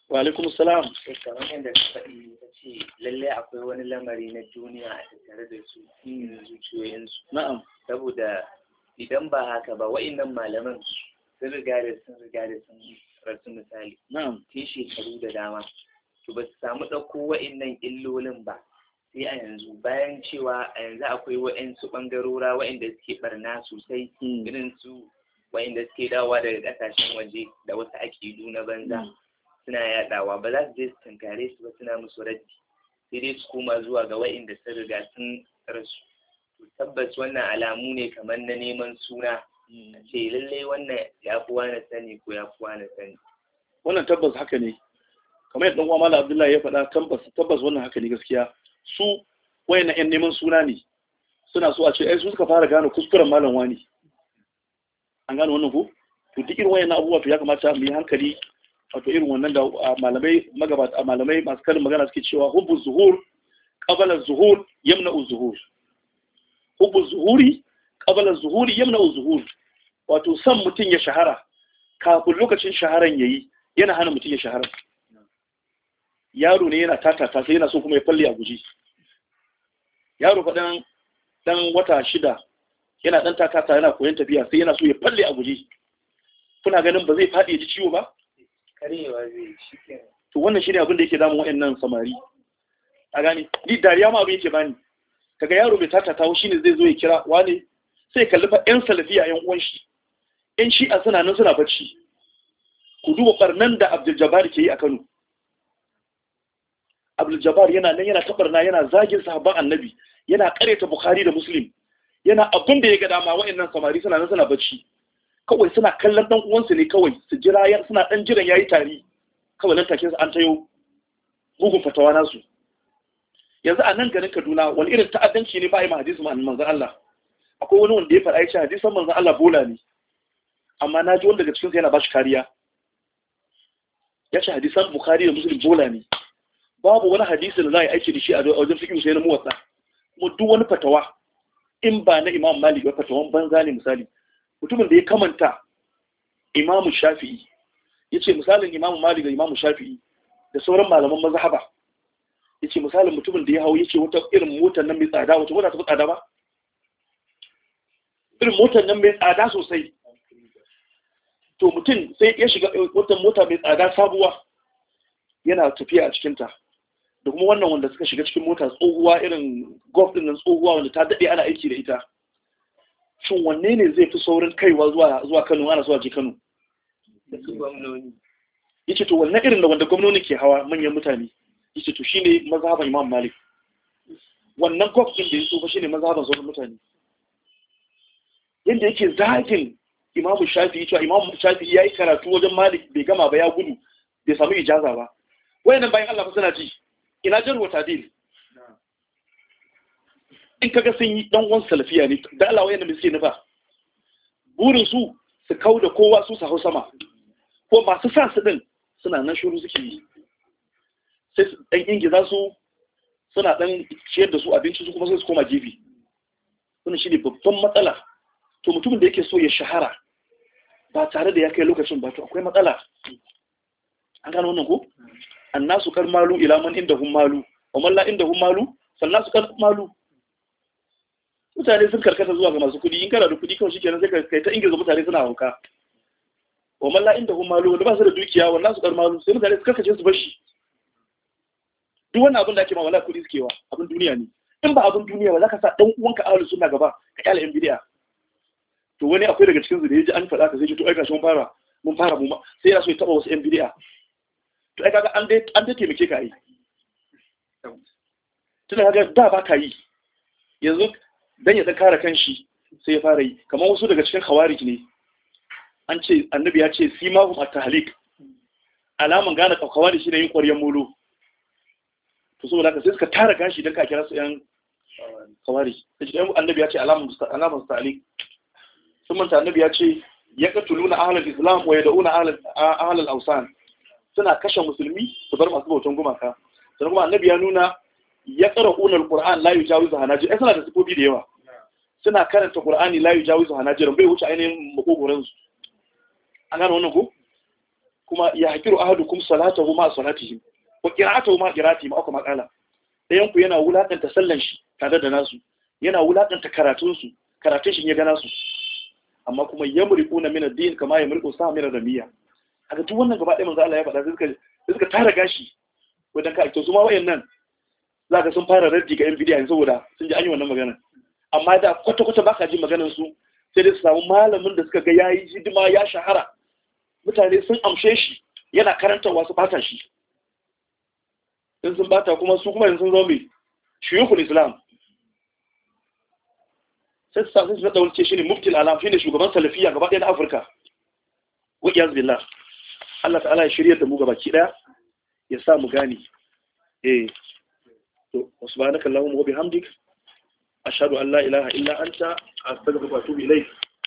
wa alaikum salam eh, kamar yadda ka faɗi ta ce lallai akwai wani lamari na duniya a tattare da su zuciyoyinsu na'am saboda idan ba haka ba nan malaman sun riga da sun riga da sun rasu misali na'am tun shekaru da dama to ba su samu ɗauko waannan illolin ba sai a yanzu bayan cewa a yanzu akwai wa'insu ɓangarora da suke barna sosai hmm. irin su da suke dawowa daga ƙasashen waje da wasu ake na banza hmm. suna yaɗawa ba za su je su tankare su ba suna musu raddi sai dai su koma zuwa ga wa'inda sun riga sun rasu tabbas wannan alamu ne kamar na neman suna a ce lallai wannan ya kuwa na sani ko ya kuwa na sani wannan tabbas haka ne kamar yadda uwa mala abdullahi ya faɗa tabbas tabbas wannan haka ne gaskiya su wayannan yan neman suna ne suna so a ce ai su suka fara gane kuskuren malam wani an gane wannan ko to duk irin wayannan abubuwa to ya kamata mu yi hankali wato irin wannan da malamai magabata malamai masu kallon magana suke cewa Hubu zuhur qabala zuhur yamna zuhur Hubu zuhuri qabala zuhuri yamna zuhur wato san mutum ya shahara kafin lokacin shaharan yayi yana hana mutum ya shahara yaro ne yana tatata sai yana so kuma ya falle a guji yaro fadan dan dan wata shida yana dan tatata yana koyon tafiya sai yana so ya falle a guji kuna ganin ba zai fadi ya ji ciwo ba to wannan shi ne abin da yake damu wa'annan samari a gani ni dariya ma abin yake bani kaga yaro mai tata tawo shine zai zo ya kira wane sai kalli fa yan salafiya yan uwan shi yan shi'a suna nan suna bacci ku duba barnan da Abdul jabari ke yi a Kano Abdul jabari yana nan yana tabarna yana zagin sahabban Annabi yana kareta Bukhari da Muslim yana abin da ya ga dama wa'annan samari suna nan suna bacci kawai suna kallon dan uwansu ne kawai su jira suna dan jiran yayi tari kawai nan take su an tayo bugun fatawa nasu yanzu a nan garin Kaduna wani irin ta'addanci ne ba yi hadisi ma manzon Allah akwai wani wanda ya fara ya ce hadisan manzon Allah bola ne amma na ji wanda daga cikin yana ba shi kariya ya ce hadisan Bukhari da Muslim bola ne babu wani hadisi da za a yi aiki da shi a wajen fikin sai na muwatsa kuma duk wani fatawa in ba na Imam Malik ba fatawan banza ne misali mutumin da ya kamanta imamu shafi'i ya ce misalin imamu malik da imamu shafi'i da sauran malaman mazhaba ya ce misalin mutumin da ya hau ya ce wata irin motar nan mai tsada wata wata ta tsada ba irin motar nan mai tsada sosai to mutum sai ya shiga eh, wata mota mai tsada sabuwa yana tafiya a cikinta da kuma wannan wanda suka shiga cikin mota tsohuwa irin golf din nan tsohuwa wanda ta daɗe ana aiki da ita shin wanne ne zai fi saurin kaiwa zuwa Kano ana zuwa ji Kano ce to wannan irin da wanda gwamnoni ke hawa manyan mutane ce to ne mazhaban Imam Malik wannan gwamnati da ya yaso ba ne mazhaban sauran mutane yadda yake zagin Imam Shafi, cewa Imam ya yi karatu wajen Malik bai gama ba ya gudu bai samu ijaza ba wayannan bayan Allah fa suna ji ina jarwa tadil in kaga sun yi dan uwan salafiya ne da Allah wayan da suke ba burin su su kau da kowa su sa hau sama ko masu sa su din suna nan shuru suke yi sai dan ingiza su suna dan ciyar da su abinci su kuma sai su koma jibi wannan shine babban matsala to mutumin da yake so ya shahara ba tare da ya kai lokacin ba to akwai matsala an gano wannan ko annasu kar malu ila man inda hum malu wa man inda hum malu sannan su kar malu mutane sun karkata zuwa ga masu kuɗi in kana da kuɗi kawai shi kenan sai kai ta ingiza mutane suna hauka wa malla inda hum malu wanda ba su da dukiya wannan su karma su, sai mutane su karkace su bashi duk wannan abin da ake ma wala kuɗi suke wa abin duniya ne in ba abin duniya ba za ka sa dan uwanka ahlu sunna gaba ka kyala yan bid'a to wani akwai daga cikin su da yaji an faɗa ka sai to ai ka mun fara mun fara mu sai ya so ya taba wasu yan bid'a to ai kaga an dai an dai taimake ka yi tunda kaga da ba ka yi yanzu dan ya dan kare kanshi sai ya fara yi kamar wasu daga cikin khawarij ne an ce annabi ya ce simahum at-tahlik alaman gane khawarij shine yin ƙwaryen mulo to saboda haka sai suka tara gashi dan ka kira su yan khawarij sai dan annabi ya ce alaman alaman tahlik sun manta annabi ya ce ya katuluna ahlal islam wa yad'una ahlul ahlal awsan suna kashe musulmi su bar masu bautan gumaka sannan kuma annabi ya nuna ya tsara ƙunar ƙura'an layu jawo zuwa hanajir ai suna da sifofi da yawa suna karanta ƙur'ani layu jawo zuwa hanajir bai wuce ainihin makogoransu an gano wannan ku? kuma ya haƙiru ahadukum salatahu ma shi ko qira'atuhu ma qira'atihim aka makala ɗayan ku yana wulaƙanta sallan shi tare da nasu yana wulaƙanta karatun su karatun shi ya gana su. amma kuma ya muri min mina din kama da miya ramiya ga duk wannan gaba ɗaya manzo Allah ya faɗa sai suka tara gashi wajen ka to su ma wayannan za ka sun fara raddi ga yan bidiya saboda sun ji an yi wannan magana amma da kwata-kwata ba ka ji maganar su sai dai su samu malamin da suka ga ya yi hidima ya shahara mutane sun amshe shi yana karantarwa su bata shi in sun bata kuma su kuma sun zo mai shuyukul islam sai su sa sun zaɗa wulce shi ne muftil alam shi ne shugaban salafiya gaba ɗaya na afirka wa'iyaz billah Allah ta'ala ya shirya da mu gaba ki ɗaya ya sa mu gani eh to subhanakallahumma wa bihamdik ashhadu an Allah, ilaha illa anta astaghfiruka wa atubu ilayk